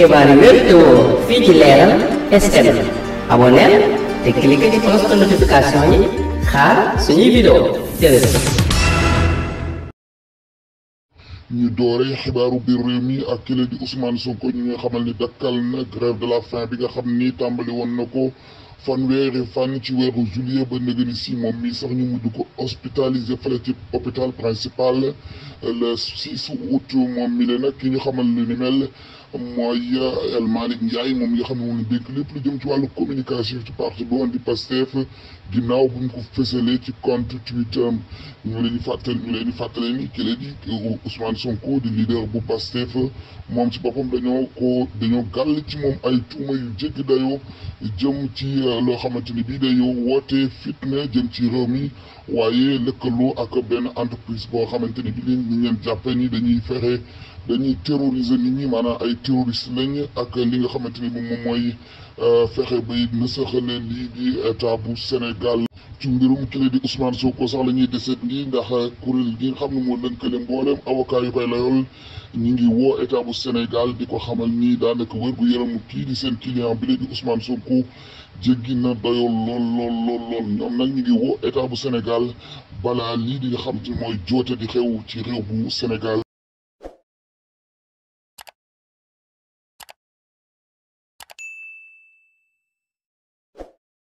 ఎక్కివారిని టు في SM Abonner te تكليك ci cloche de خار yi فيديو suñuy ni doore xibaaru bi réew mi ak kile di Ousmane Sonko ñu nga xamal ni dakkal na grève de la faim bi nga xam ni tàmbali woon na ko fanweeri fan ci weeru juillet ba ni si moom mi sax ñu mudd ko hospitalisé fële ci hôpital principal le 6 août moom mi le nag ki ñu xamal lu ni mel mooy euh, El Malick Ndiaye moom nga xam ne moom lépp lu jëm ci wàllu communication ci parti boo andi Pastef ginnaaw bu mu ko fësalee ci compte Twitter ñu leen di fàttali ñu leen di fàttali ni ki leen di Ousmane Sonko di leader bu Pastef moom ci boppam dañoo ko dañoo gàll ci moom ay tuuma yu jéggi dayoo jëm ci euh, loo xamante ni bii dayoo woote fitna jëm ci réew mi waaye lëkkaloo ak benn entreprise boo xamante ni bii ñu leen jàppee ni dañuy fexe. dañuy terroriser nit ñi maanaam ay terroriste lañ ak li nga xamante ni moom mooy euh, fexe bay nasaxale lii di état bu Sénégal. ci mbirum kile di Ousmane Sonko sax la ñuy deseet nii ndax kuréel gi nga xam ne moo lëkkale mboolem avocat yu koy layool ñu ngi woo état bu Sénégal di ko xamal nii daanaka wér gu yaramu kii di seen client bi di Ousmane Sonko jéggi na doyoo lool lool lool ñoom nag ñu ngi woo état bu Sénégal balaa lii di xam te mooy joote di xew ci réew